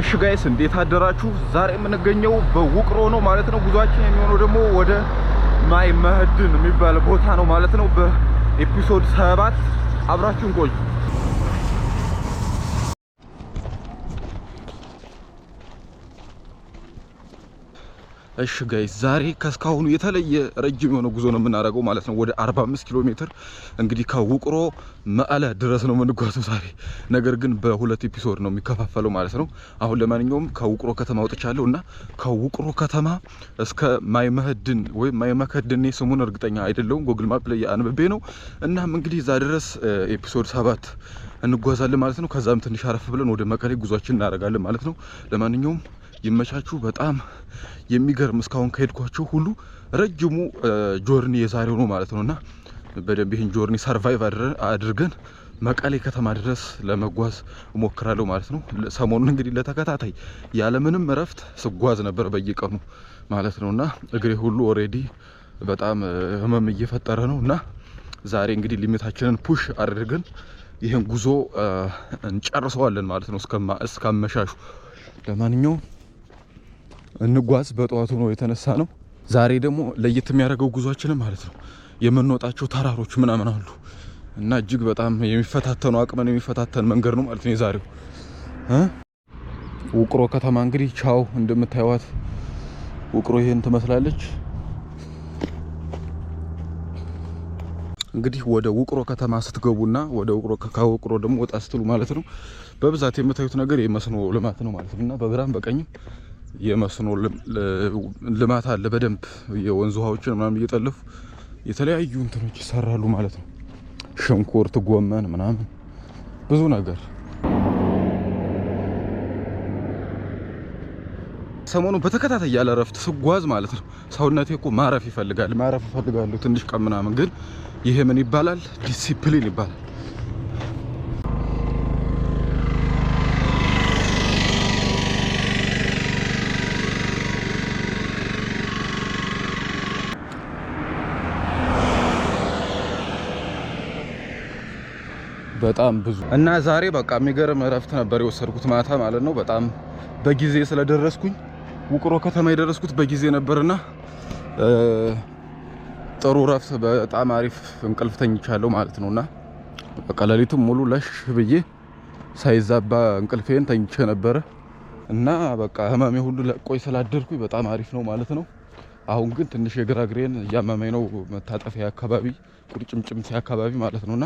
እሺ ጋይስ እንዴት አደራችሁ? ዛሬ የምንገኘው በውቅሮ ነው ማለት ነው። ጉዟችን የሚሆነው ደግሞ ወደ ማይ መህድን የሚባል ቦታ ነው ማለት ነው። በኤፒሶድ ሰባት አብራችሁን ቆዩ። እሺ ጋይስ ዛሬ ከስካሁኑ የተለየ ረጅም የሆነ ጉዞ ነው የምናደርገው ማለት ነው። ወደ 45 ኪሎ ሜትር እንግዲህ ከውቅሮ መቀለ ድረስ ነው የምንጓዘው ዛሬ። ነገር ግን በሁለት ኤፒሶድ ነው የሚከፋፈለው ማለት ነው። አሁን ለማንኛውም ከውቅሮ ከተማ ወጥቻለሁ እና ከውቅሮ ከተማ እስከ ማይመህድን ወይም ማይመከድኔ ስሙን እርግጠኛ አይደለሁም፣ ጎግል ማፕ ላይ አንብቤ ነው። እናም እንግዲህ እዛ ድረስ ኤፒሶድ ሰባት እንጓዛለን ማለት ነው። ከዛም ትንሽ አረፍ ብለን ወደ መቀሌ ጉዟችን እናደርጋለን ማለት ነው። ለማንኛውም ይመቻችሁ። በጣም የሚገርም እስካሁን ከሄድኳቸው ሁሉ ረጅሙ ጆርኒ የዛሬው ነው ማለት ነውና በደንብ ይህን ጆርኒ ሰርቫይቭ አድርገን መቀሌ ከተማ ድረስ ለመጓዝ እሞክራለሁ ማለት ነው። ሰሞኑን እንግዲህ ለተከታታይ ያለምንም እረፍት ስጓዝ ነበር በየቀኑ ማለት ነው እና እግሬ ሁሉ ኦሬዲ በጣም ህመም እየፈጠረ ነው እና ዛሬ እንግዲህ ሊሚታችንን ፑሽ አድርገን ይህን ጉዞ እንጨርሰዋለን ማለት ነው እስከ ለማንኛውም እንጓዝ። በጠዋቱ ነው የተነሳ ነው። ዛሬ ደግሞ ለየት የሚያደርገው ጉዟችንም ማለት ነው የምንወጣቸው ተራሮች ምናምን አሉ እና እጅግ በጣም የሚፈታተኑ አቅመን የሚፈታተን መንገድ ነው ማለት ነው የዛሬው ውቅሮ ከተማ። እንግዲህ ቻው እንደምታዩት ውቅሮ ይሄን ትመስላለች። እንግዲህ ወደ ውቅሮ ከተማ ስትገቡና ወደ ውቅሮ ከውቅሮ ደግሞ ወጣ ስትሉ ማለት ነው በብዛት የምታዩት ነገር የመስኖ ልማት ነው ማለት ነው እና በግራም በቀኝም የመስኖ ልማት አለ። በደንብ የወንዝ ውሃዎችን ምናምን እየጠለፉ የተለያዩ እንትኖች ይሰራሉ ማለት ነው። ሽንኩርት፣ ጎመን ምናምን ብዙ ነገር ሰሞኑ በተከታታይ ያለ እረፍት ስጓዝ ማለት ነው። ሰውነቴ እኮ ማረፍ ይፈልጋል ማረፍ ይፈልጋሉ ትንሽ ቀን ምናምን ግን ይሄ ምን ይባላል? ዲሲፕሊን ይባላል። በጣም ብዙ እና ዛሬ በቃ የሚገርም እረፍት ነበር የወሰድኩት ማታ ማለት ነው። በጣም በጊዜ ስለደረስኩኝ ውቅሮ ከተማ የደረስኩት በጊዜ ነበርና ጥሩ እረፍት፣ በጣም አሪፍ እንቅልፍ ተኝቻለሁ ማለት ነውና በቃ ሌሊቱም ሙሉ ለሽ ብዬ ሳይዛባ እንቅልፌን ተኝቼ ነበረ እና በቃ ህመሜ ሁሉ ለቆይ ስላደርኩኝ በጣም አሪፍ ነው ማለት ነው። አሁን ግን ትንሽ የግራግሬን እያመመኝ ነው መታጠፊያ አካባቢ ቁርጭምጭምት አካባቢ ማለት ነውና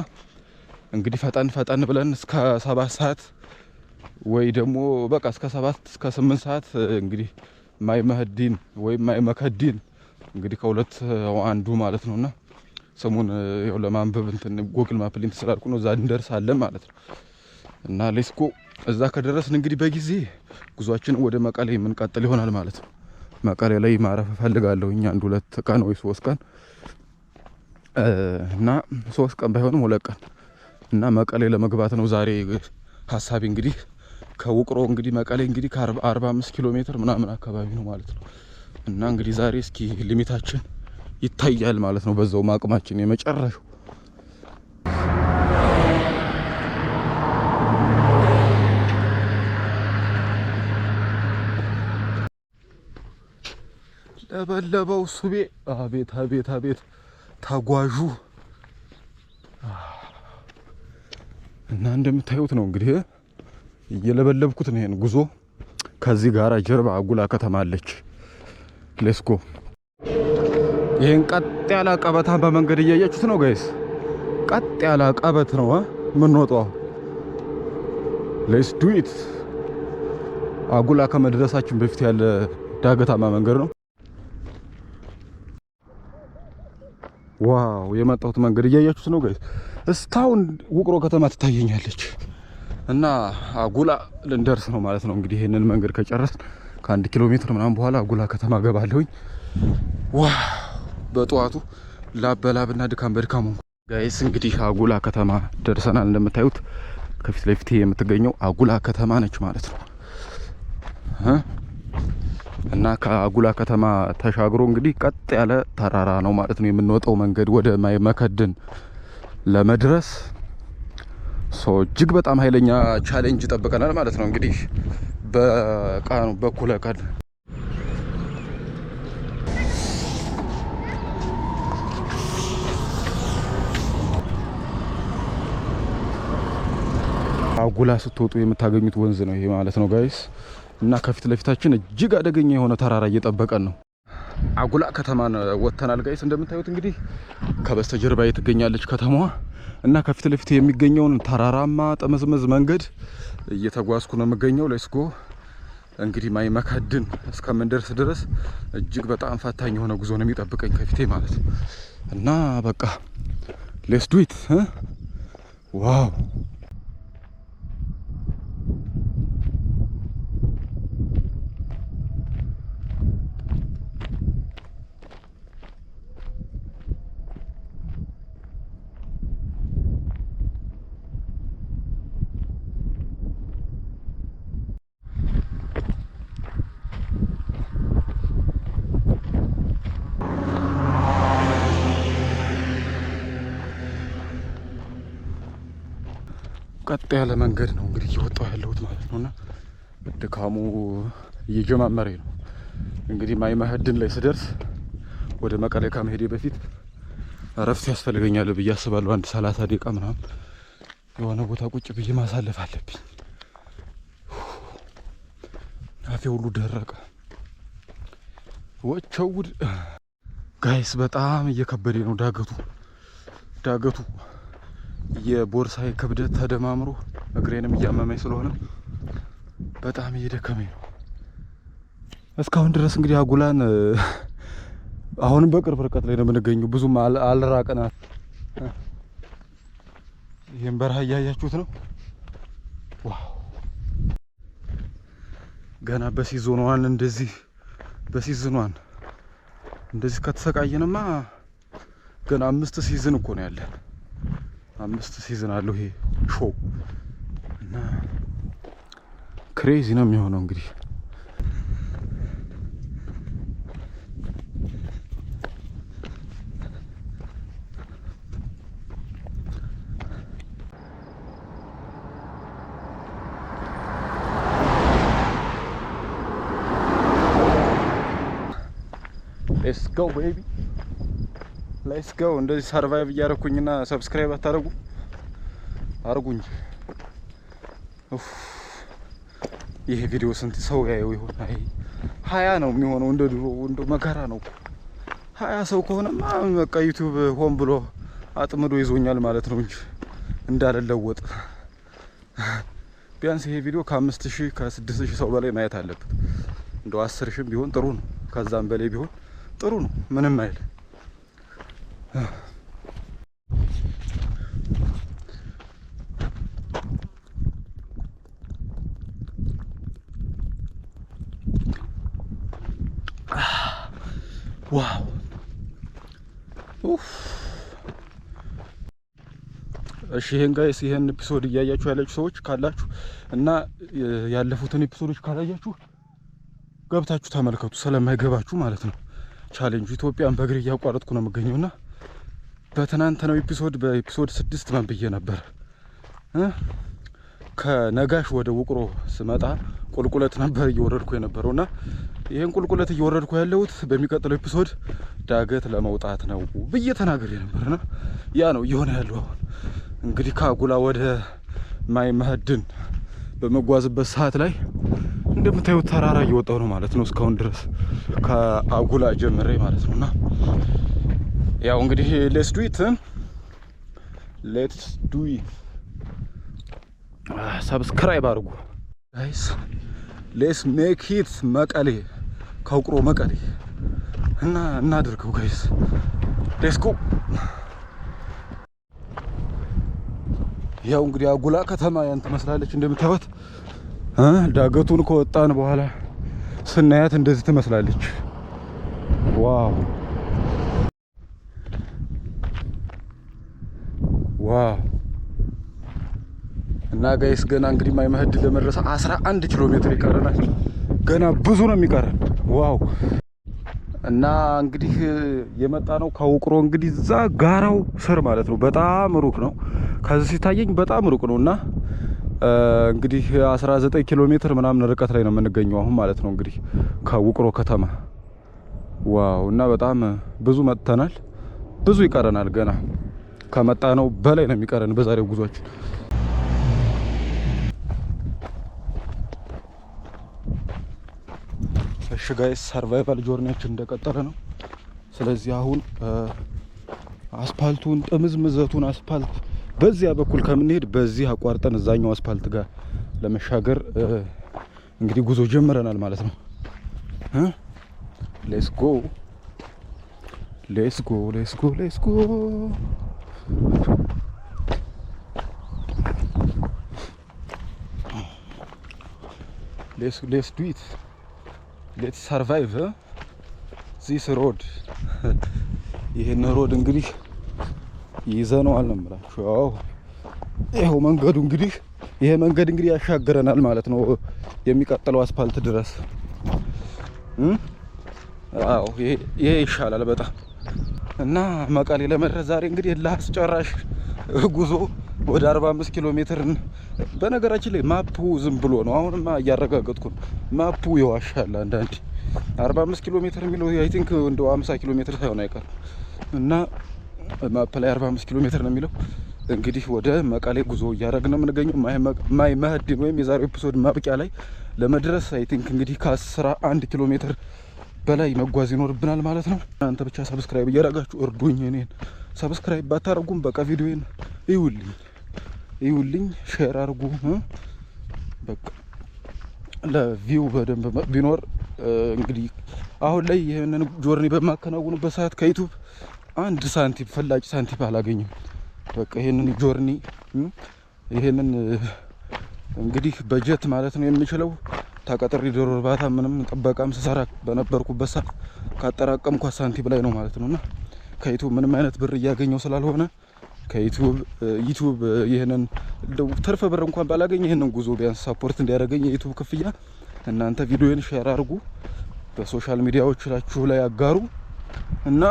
እንግዲህ ፈጠን ፈጠን ብለን እስከ ሰባት ሰዓት ወይ ደግሞ በቃ እስከ ሰባት እስከ ስምንት ሰዓት እንግዲህ ማይ መህዲን ወይም ማይ መከዲን እንግዲህ ከሁለት አንዱ ማለት ነውና ስሙን ያው ለማንበብ እንትን ጎግል ማፕ ሊንክ ስላልኩ ነው እዛ እንደርሳለን ማለት ነው። እና ሌስኮ እዛ ከደረስን እንግዲህ በጊዜ ጉዟችን ወደ መቀሌ የምንቀጥል ይሆናል ማለት ነው። መቀሌ ላይ ማረፍ እፈልጋለሁ እኛ አንድ ሁለት ቀን ወይ ሶስት ቀን እና ሶስት ቀን ባይሆንም ሁለት ቀን እና መቀሌ ለመግባት ነው ዛሬ ሀሳቢ እንግዲህ ከውቅሮ እንግዲህ መቀሌ እንግዲህ ከ45 ኪሎ ሜትር ምናምን አካባቢ ነው ማለት ነው። እና እንግዲህ ዛሬ እስኪ ሊሚታችን ይታያል ማለት ነው። በዛው አቅማችን የመጨረሻው ለበለበው ሱቤ አቤት አቤት አቤት ተጓዡ እና እንደምታዩት ነው እንግዲህ እየለበለብኩት ነው ይሄን ጉዞ። ከዚህ ጋር ጀርባ አጉላ ከተማ አለች። ሌስኮ ይህን ቀጥ ያለ አቀበታ በመንገድ እያያችሁት ነው ጋይስ። ቀጥ ያለ ቀበት ነው የምንወጣው። ሌስ ዱኢት አጉላ ከመድረሳችን በፊት ያለ ዳገታማ መንገድ ነው። ዋው የመጣሁት መንገድ እያያችሁት ነው ጋይስ። እስታውን ውቅሮ ከተማ ትታየኛለች እና አጉላ ልንደርስ ነው ማለት ነው። እንግዲህ ይህንን መንገድ ከጨረስ ከአንድ ኪሎ ሜትር ምናምን በኋላ አጉላ ከተማ ገባለሁኝ። ዋ በጠዋቱ ላብ እና ድካም በድካም ሆንኩ። ጋይስ እንግዲህ አጉላ ከተማ ደርሰናል። እንደምታዩት ከፊት ለፊት የምትገኘው አጉላ ከተማ ነች ማለት ነው እና ከአጉላ ከተማ ተሻግሮ እንግዲህ ቀጥ ያለ ተራራ ነው ማለት ነው የምንወጣው መንገድ ወደ መከድን ለመድረስ እጅግ በጣም ኃይለኛ ቻሌንጅ ይጠብቀናል ማለት ነው። እንግዲህ በቀኑ በኩለ ቀን አጉላ ስትወጡ የምታገኙት ወንዝ ነው ይሄ ማለት ነው ጋይስ። እና ከፊት ለፊታችን እጅግ አደገኛ የሆነ ተራራ እየጠበቀን ነው። አጉላ ከተማን ወጥተናል ጋይስ። እንደምታዩት እንግዲህ ከበስተጀርባ የትገኛለች ከተማዋ እና ከፊት ለፊት የሚገኘውን ተራራማ ጠመዝመዝ መንገድ እየተጓዝኩ ነው የምገኘው። ሌስጎ እንግዲህ ማይ መካድን እስከምንደርስ ድረስ እጅግ በጣም ፈታኝ የሆነ ጉዞ ነው የሚጠብቀኝ ከፊቴ ማለት እና በቃ ሌስ ዱት ዋው ቀጥ ያለ መንገድ ነው እንግዲህ እየወጣሁ ያለሁት ማለት ነው እና ድካሙ እየጀማመሬ ነው እንግዲህ ማይ ማህድን ላይ ስደርስ ወደ መቀሌ ከመሄዴ በፊት እረፍት ያስፈልገኛል ብዬ አስባለሁ። አንድ ሰላሳ ደቂቃ ምናምን የሆነ ቦታ ቁጭ ብዬ ማሳለፍ አለብኝ። ናፌ ሁሉ ደረቀ። ወቸውድ ጋይስ፣ በጣም እየከበደ ነው ዳገቱ ዳገቱ የቦርሳ ክብደት ተደማምሮ እግሬንም እያመመኝ ስለሆነ በጣም እየደከመኝ ነው። እስካሁን ድረስ እንግዲህ አጉላን አሁንም በቅርብ ርቀት ላይ ነው የምንገኘው። ብዙም አልራቀናል። ይህም በረሃ እያያችሁት ነው። ዋው ገና በሲዞኗን እንደዚህ በሲዝኗን እንደዚህ ከተሰቃየንማ ገና አምስት ሲዝን እኮ ነው ያለን። አምስት ሲዝን አለው ይሄ ሾው እና ክሬዚ ነው የሚሆነው እንግዲህ Let's go, baby. ላይስ ገው እንደዚህ ሰርቫይቭ እያደረኩኝና ሰብስክራይብ አታደርጉ አርጉኝ። ይሄ ቪዲዮ ስንት ሰው ያየው ይሆን? አይ ሀያ ነው የሚሆነው። እንደ ድሮ እንደ መከራ ነው። ሀያ ሰው ከሆነማ በቃ ዩቲዩብ ሆን ብሎ አጥምዶ ይዞኛል ማለት ነው እንጂ እንዳልለወጥ። ቢያንስ ይሄ ቪዲዮ ከአምስት ሺህ ከስድስት ሺህ ሰው በላይ ማየት አለበት። እንደው አስር ሺህም ቢሆን ጥሩ ነው። ከዛም በላይ ቢሆን ጥሩ ነው። ምንም አይል ዋው እሺ ይሄን ጋይስ ይሄን ኤፒሶድ እያያችሁ ያላችሁ ሰዎች ካላችሁ እና ያለፉትን ኤፒሶዶች ካላያችሁ ገብታችሁ ተመልከቱ፣ ስለማይገባችሁ ማለት ነው። ቻሌንጅ ኢትዮጵያን በእግር እያቋረጥኩ ነው የምገኘውና በትናንትናው ኤፒሶድ በኤፒሶድ ስድስት ማን ብዬ ነበር? ከነጋሽ ወደ ውቅሮ ስመጣ ቁልቁለት ነበር እየወረድኩ የነበረው እና ይህን ቁልቁለት እየወረድኩ ያለሁት በሚቀጥለው ኤፒሶድ ዳገት ለመውጣት ነው ብዬ ተናገር ነበርና ያ ነው እየሆነ ያለው። እንግዲህ ከአጉላ ወደ ማይ በመጓዝበት ሰዓት ላይ እንደምታዩት ተራራ እየወጣው ነው ማለት ነው። እስካሁን ድረስ ከአጉላ ጀምሬ ማለት ነው እና ያው እንግዲህ ሌትስ ዱት ሌትስ ዱይ ሰብስክራይብ አድርጉ ጋይስ። ሌትስ ሜክ ኢት መቀሌ ከውቅሮ መቀሌ እና እናድርገው ጋይስ። ሌትስ ጎ። ያው እንግዲህ አጉላ ከተማ ያን ትመስላለች እንደምታዩት። ዳገቱን ከወጣን በኋላ ስናያት እንደዚህ ትመስላለች። ዋው ዋው እና ጋይስ ገና እንግዲህ ማይ መህድ ለመድረስ 11 ኪሎ ሜትር ይቀረናል። ገና ብዙ ነው የሚቀረን። ዋው እና እንግዲህ የመጣ ነው ከውቅሮ እንግዲህ እዛ ጋራው ስር ማለት ነው። በጣም ሩቅ ነው፣ ከዚህ ሲታየኝ በጣም ሩቅ ነው። እና እንግዲህ 19 ኪሎ ሜትር ምናምን ርቀት ላይ ነው የምንገኘው አሁን ማለት ነው እንግዲህ ከውቅሮ ከተማ። ዋው እና በጣም ብዙ መጥተናል፣ ብዙ ይቀረናል ገና ከመጣ ነው በላይ ነው የሚቀረን በዛሬው ጉዟችን። እሺ ጋይስ ሰርቫይቫል ጆርኒያችን እንደቀጠለ ነው። ስለዚህ አሁን አስፓልቱን ጥምዝምዘቱን አስፓልት በዚያ በኩል ከምንሄድ በዚህ አቋርጠን እዛኛው አስፓልት ጋር ለመሻገር እንግዲህ ጉዞ ጀምረናል ማለት ነው። ሌስ ጎ ሌስ ጎ ሌስ ጎ ሌስ ጎ ሌስ ሌስ ዱ ኢት ሌት ሰርቫይቭ ዚስ ሮድ። ይሄን ሮድ እንግዲህ ይዘነዋል ነው የምላችሁ። ያው ይኸው መንገዱ እንግዲህ ይሄ መንገድ እንግዲህ ያሻገረናል ማለት ነው የሚቀጥለው አስፓልት ድረስ። አዎ ይሄ ይሻላል በጣም እና መቀሌ ለመድረስ ዛሬ እንግዲህ ላስጨራሽ ጉዞ ወደ 45 ኪሎ ሜትር። በነገራችን ላይ ማፑ ዝም ብሎ ነው። አሁንማ እያረጋገጥኩ ነው። ማፑ ይዋሻል አንዳንዴ። 45 ኪሎ ሜትር የሚለው አይ ቲንክ እንደ 50 ኪሎ ሜትር ሳይሆን አይቀርም እና ማፕ ላይ 45 ኪሎ ሜትር ነው የሚለው። እንግዲህ ወደ መቀሌ ጉዞ እያደረግን ነው የምንገኘው። ማይ መህዲን ወይም የዛሬው ኤፒሶድ ማብቂያ ላይ ለመድረስ አይ ቲንክ እንግዲህ ከ11 ኪሎ ሜትር በላይ መጓዝ ይኖርብናል ማለት ነው። እናንተ ብቻ ሰብስክራይብ እያደረጋችሁ እርዱኝ። እኔን ሰብስክራይብ ባታረጉም በቃ ቪዲዮን ይውልኝ ይውልኝ ሼር አርጉ። በቃ ለቪው በደንብ ቢኖር እንግዲህ አሁን ላይ ይህንን ጆርኒ በማከናወንበት ሰዓት ከዩቱብ አንድ ሳንቲም ፈላጭ ሳንቲም አላገኝም። በቃ ይህንን ጆርኒ ይህንን እንግዲህ በጀት ማለት ነው የምችለው ተቀጥሪ ዶሮ እርባታ ምንም ጥበቃም ስሰራ በነበርኩበት ሰዓት ካጠራቀምኳ ሳንቲም ላይ ነው ማለት ነውና ከዩቱብ ምንም አይነት ብር እያገኘው ስላልሆነ ከዩቱብ ዩቱብ ይህንን ትርፍ ብር እንኳን ባላገኝ ይህንን ጉዞ ቢያንስ ሳፖርት እንዲያደርገኝ የዩቱብ ክፍያ እናንተ ቪዲዮን ሼር አድርጉ፣ በሶሻል ሚዲያዎች ላችሁ ላይ አጋሩ እና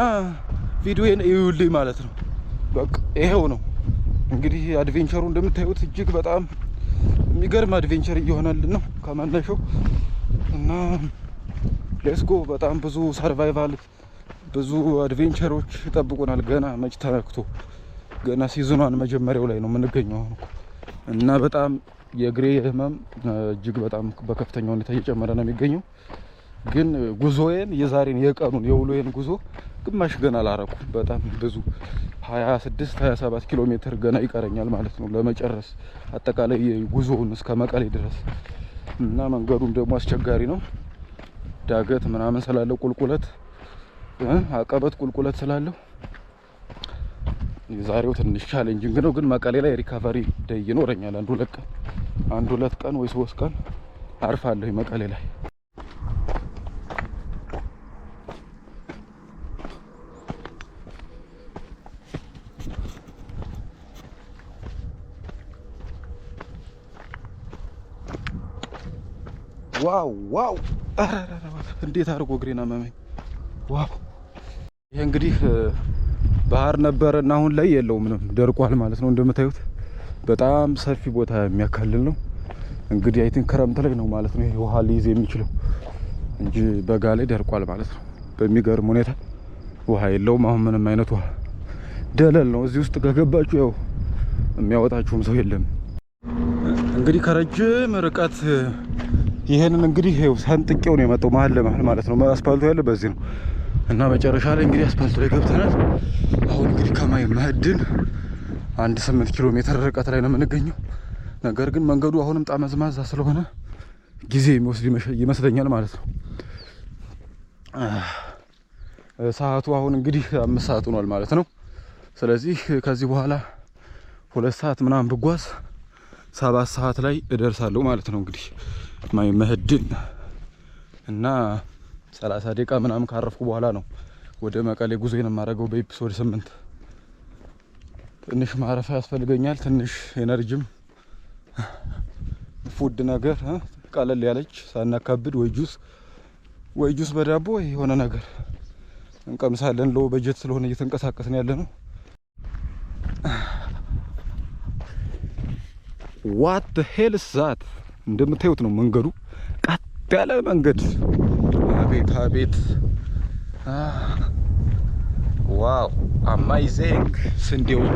ቪዲዮን እዩልኝ ማለት ነው። በቃ ይሄው ነው እንግዲህ አድቬንቸሩ እንደምታዩት እጅግ በጣም የሚገርም አድቬንቸር እየሆነልን ነው ከመነሻው እና ሌስጎ በጣም ብዙ ሰርቫይቫል ብዙ አድቬንቸሮች ይጠብቁናል። ገና መች ተነክቶ ገና ሲዝኗን መጀመሪያው ላይ ነው የምንገኘው እና በጣም የእግሬ ህመም እጅግ በጣም በከፍተኛ ሁኔታ እየጨመረ ነው የሚገኘው። ግን ጉዞዬን የዛሬን የቀኑን የውሎዬን ጉዞ ግማሽ ገና አላረኩም። በጣም ብዙ 26 27 ኪሎ ሜትር ገና ይቀረኛል ማለት ነው ለመጨረስ አጠቃላይ የጉዞውን እስከ መቀሌ ድረስ እና መንገዱም ደግሞ አስቸጋሪ ነው። ዳገት ምናምን ስላለው ቁልቁለት አቀበት ቁልቁለት ስላለው የዛሬው ትንሽ ቻሌንጅንግ ነው። ግን መቀሌ ላይ ሪካቨሪ ደይ ይኖረኛል። አንድ ሁለት ቀን አንድ ሁለት ቀን ወይ ሶስት ቀን አርፋለሁ መቀሌ ላይ። ዋው ዋው! እንዴት አድርጎ እግሬን አመመኝ። ዋው! ይሄ እንግዲህ ባህር ነበር እና አሁን ላይ የለው ምንም ደርቋል ማለት ነው። እንደምታዩት በጣም ሰፊ ቦታ የሚያካልል ነው። እንግዲህ አይትን ክረምት ላይ ነው ማለት ነው ይሄ ውሃ ሊይዝ የሚችለው እንጂ በጋ ላይ ደርቋል ማለት ነው። በሚገርም ሁኔታ ውሃ የለውም አሁን ምንም አይነት ውሃ። ደለል ነው። እዚህ ውስጥ ከገባችሁ ያው የሚያወጣችሁም ሰው የለም። እንግዲህ ከረጅም ርቀት ይሄንን እንግዲህ ይኸው ሰንጥቄው ነው የመጣው መሀል ለመሀል ማለት ነው። አስፓልቱ ያለ በዚህ ነው እና መጨረሻ ላይ እንግዲህ አስፓልቱ ላይ ገብተናል። አሁን እንግዲህ ከማይ መድን አንድ ስምንት ኪሎ ሜትር ርቀት ላይ ነው የምንገኘው። ነገር ግን መንገዱ አሁንም ጠመዝማዛ ስለሆነ ጊዜ የሚወስድ ይመስለኛል ማለት ነው። ሰዓቱ አሁን እንግዲህ አምስት ሰዓት ሆኗል ማለት ነው። ስለዚህ ከዚህ በኋላ ሁለት ሰዓት ምናምን ብጓዝ ሰባት ሰዓት ላይ እደርሳለሁ ማለት ነው። እንግዲህ ማይ መህድን እና ሰላሳ ደቂቃ ምናምን ካረፍኩ በኋላ ነው ወደ መቀሌ ጉዞ የማደርገው በኤፒሶድ ስምንት ትንሽ ማረፊያ ያስፈልገኛል። ትንሽ ኤነርጂም ፉድ ነገር ቀለል ያለች ሳናካብድ ወይ ጁስ ወይ ጁስ በዳቦ የሆነ ነገር እንቀምሳለን። ሎ በጀት ስለሆነ እየተንቀሳቀስን ያለ ነው። ዋት ሄል ዛት እንደምታዩት ነው መንገዱ። ቀጥ ያለ መንገድ። አቤት አቤት! ዋው አማይዚንግ! ስንዴዎቹ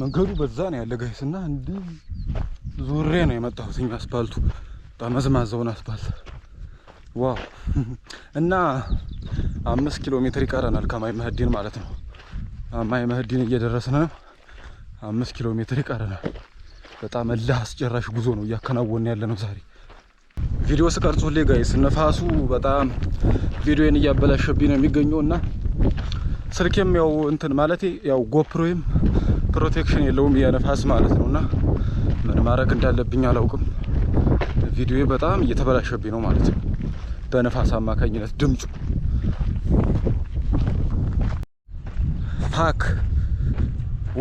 መንገዱ በዛ ነው ያለ ጋይስ እና እንዲህ ዙሬ ነው የመጣሁት አስፓልቱ ጠመዝማዛውን አስፓልት ዋው! እና አምስት ኪሎ ሜትር ይቀረናል ከማይ መህዲን ማለት ነው። ማይ መህዲን እየደረስን ነው። አምስት ኪሎ ሜትር ይቀረናል። በጣም እልህ አስጨራሽ ጉዞ ነው እያከናወን ያለ ነው ዛሬ ቪዲዮ ስቀርጹ ሁሌ ጋይስ ነፋሱ በጣም ቪዲዮን እያበላሸብኝ ነው የሚገኘው እና ስልኬም ያው እንትን ማለቴ ያው ጎፕሮዬም ፕሮቴክሽን የለውም የነፋስ ማለት ነው። እና ምን ማድረግ እንዳለብኝ አላውቅም። ቪዲዮ በጣም እየተበላሸብኝ ነው ማለት ነው፣ በነፋስ አማካኝነት ድምፁ ፋክ።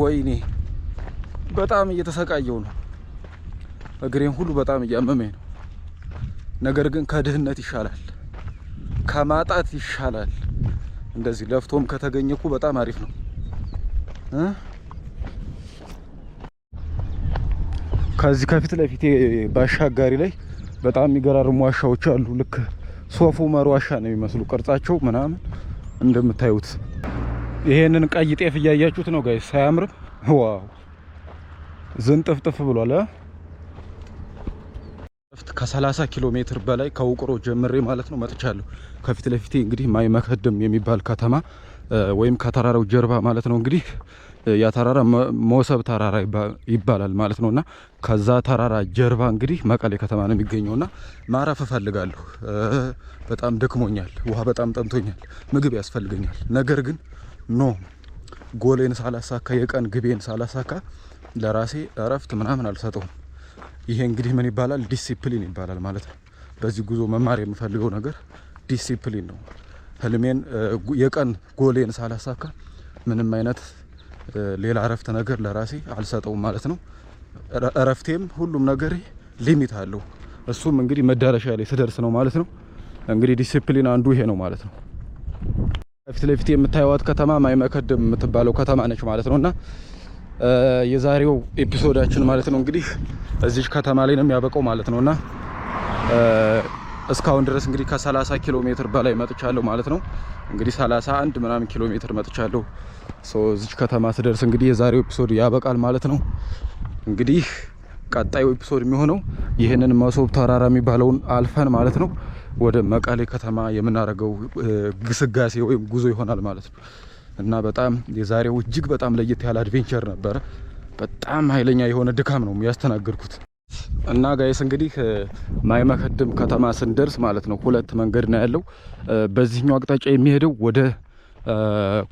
ወይኔ በጣም እየተሰቃየው ነው። እግሬን ሁሉ በጣም እያመመኝ ነው። ነገር ግን ከድህነት ይሻላል፣ ከማጣት ይሻላል። እንደዚህ ለፍቶም ከተገኘኩ በጣም አሪፍ ነው። ከዚህ ከፊት ለፊቴ ባሻጋሪ ላይ በጣም የሚገራርሙ ዋሻዎች አሉ። ልክ ሶፉ ዑመር ዋሻ ነው የሚመስሉ ቅርጻቸው ምናምን እንደምታዩት። ይሄንን ቀይ ጤፍ እያያችሁት ነው ጋይስ፣ አያምርም? ዋው ዝንጥፍጥፍ ብሏል። ከ30 ኪሎ ሜትር በላይ ከውቅሮ ጀምሬ ማለት ነው መጥቻለሁ። ከፊት ለፊቴ እንግዲህ ማይ መከድም የሚባል ከተማ ወይም ከተራራው ጀርባ ማለት ነው እንግዲህ ያ ተራራ ተራራ ይባላል ማለት ነውና ከዛ ተራራ ጀርባ እንግዲህ መቀሌ ከተማ ነው የሚገኘውና ማረፍ እፈልጋለሁ። በጣም ደክሞኛል፣ ውሃ በጣም ጠምቶኛል፣ ምግብ ያስፈልገኛል። ነገር ግን ኖ ጎሌን ሳላሳካ የቀን ግቤን ሳላሳካ ለራሴ እረፍት ምናምን አልሰጠውም። ይሄ እንግዲህ ምን ይባላል? ዲሲፕሊን ይባላል ማለት ነው። በዚህ ጉዞ መማር የምፈልገው ነገር ዲሲፕሊን ነው። ህልሜን የቀን ጎሌን ሳላሳካ ምንም አይነት ሌላ እረፍት ነገር ለራሴ አልሰጠውም ማለት ነው። እረፍቴም ሁሉም ነገሬ ሊሚት አለው። እሱም እንግዲህ መዳረሻ ላይ ስደርስ ነው ማለት ነው። እንግዲህ ዲሲፕሊን አንዱ ይሄ ነው ማለት ነው። ከፊት ለፊት የምታዩዋት ከተማ ማይመከድም የምትባለው ከተማ ነች ማለት ነው እና የዛሬው ኤፒሶዳችን ማለት ነው እንግዲህ እዚች ከተማ ላይ ነው የሚያበቀው ማለት ነው እና እስካሁን ድረስ እንግዲህ ከ30 ኪሎ ሜትር በላይ መጥቻለሁ ማለት ነው። እንግዲህ 31 ምናምን ኪሎ ሜትር መጥቻለሁ። እዚች ከተማ ስደርስ እንግዲህ የዛሬው ኤፒሶድ ያበቃል ማለት ነው። እንግዲህ ቀጣዩ ኤፒሶድ የሚሆነው ይህንን መሶብ ተራራ የሚባለውን አልፈን ማለት ነው ወደ መቀሌ ከተማ የምናደርገው ግስጋሴ ወይም ጉዞ ይሆናል ማለት ነው እና በጣም የዛሬው እጅግ በጣም ለየት ያለ አድቬንቸር ነበረ። በጣም ኃይለኛ የሆነ ድካም ነው ያስተናገድኩት። እና ጋይስ እንግዲህ ማይመከድም ከተማ ስንደርስ ማለት ነው ሁለት መንገድ ነው ያለው። በዚህኛው አቅጣጫ የሚሄደው ወደ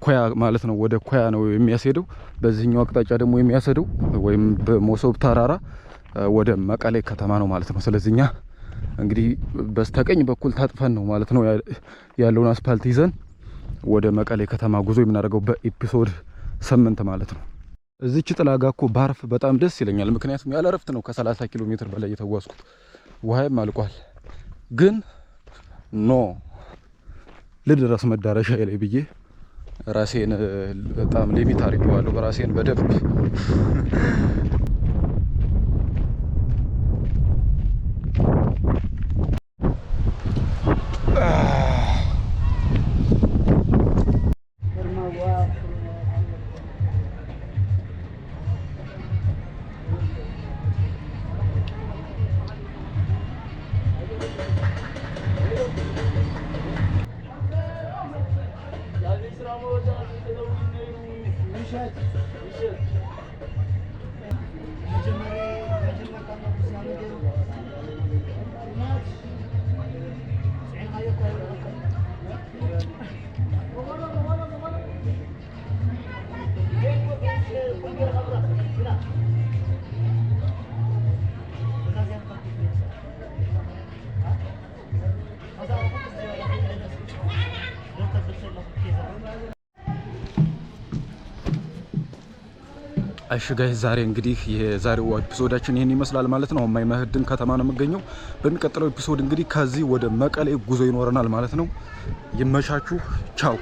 ኮያ ማለት ነው ወደ ኮያ ነው የሚያስሄደው። በዚህኛው አቅጣጫ ደግሞ የሚያስሄደው ወይም በሞሶብ ተራራ ወደ መቀሌ ከተማ ነው ማለት ነው። ስለዚህ እኛ እንግዲህ በስተቀኝ በኩል ታጥፈን ነው ማለት ነው ያለውን አስፓልት ይዘን ወደ መቀሌ ከተማ ጉዞ የምናደርገው በኤፒሶድ ስምንት ማለት ነው። እዚች ጥላ ጋ እኮ ባርፍ በጣም ደስ ይለኛል። ምክንያቱም ያለ እረፍት ነው ከ30 ኪሎ ሜትር በላይ የተጓዝኩት። ውሃይም አልቋል። ግን ኖ ልድረስ መዳረሻ ላይ ብዬ ራሴን በጣም ሊሚት አድርጌዋለሁ። ራሴን በደንብ እሺ ጋይ ዛሬ እንግዲህ የዛሬው ኤፒሶዳችን ይህን ይመስላል ማለት ነው። ማይ መህድን ከተማ ነው የምገኘው። በሚቀጥለው ኤፒሶድ እንግዲህ ከዚህ ወደ መቀሌ ጉዞ ይኖረናል ማለት ነው። ይመቻችሁ። ቻው